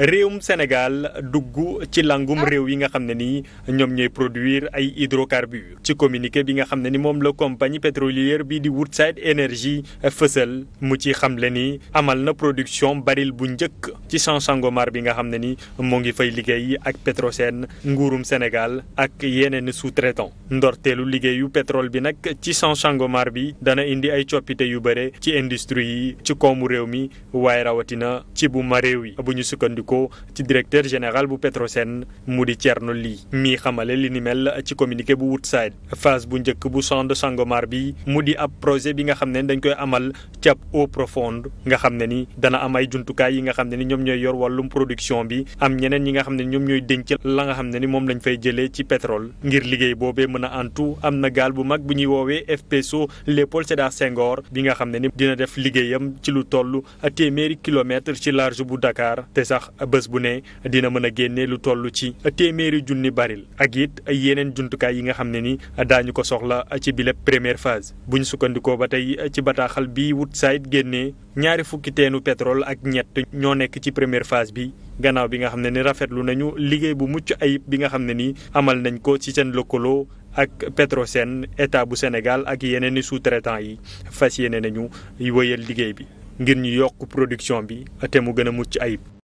réewum Sénégal dugg ci langum réew yi nga xam ne ni ñoom ñooy produire ay hydrocarbures ci communiqué bi nga xam ne ni moom la compagnie pétrolier bii di Woodside Energy fësal mu ci xam xamle ni amal na production baril bu njëkk ci champ Sangomar bi nga xam ne ni moo ngi fay liggéey ak Petrosen nguurum Sénégal ak yeneen sous-traitants ndorteelu liggéeyu pétrole bi nag ci champ Sangomar bi dana indi ay coppite yu bare ci industrie yi ci koomu réew mi waaye rawatina ci bu ma yi bu ñu sukkandiku sukkandikoo ci directeur général bu Petrosen mu di Thierno Ly mii xamale li ni mel ci communiqué bu Woodside phase bu njëkk bu champ de Sangomar bi mu di ab projet bi nga xam ne dañ koy amal ci ab eau profonde nga xam ne ni dana am ay jumtukaay yi nga xam ne ni ñoom ñooy yor wàllum production bi am ñeneen ñi nga xam ne ñoom ñooy denc la nga xam ne ni moom lañ fay jëlee ci pétrole ngir liggéey boobee mën a antu am na gaal bu mag bu ñuy woowee FPSO Léopold Sédar Senghor bi nga xam ne ni dina def liggéeyam ci lu toll téeméeri ndax bés bu ne dina mën a génne lu toll ci téeméeri junni baril ak it yeneen jumtukaay yi nga xam ne ni daañu ko soxla ci bile première phase bu ñu sukkandikoo ba tey ci bataaxal bi wut Woodside génnee ñaari fukki teenu pétrole ak ñett ñoo nekk ci première phase bi gannaaw bi nga xam ne ni rafetlu nañu liggéey bu mucc ayib bi nga xam ne ni amal nañ ko ci seen lëkkaloo ak Petrosen état bu Sénégal ak yeneen i sous-traitants yi fas yéene nañu wëyal liggéey bi ngir ñu yokk production bi te mu gën a mucc ayib.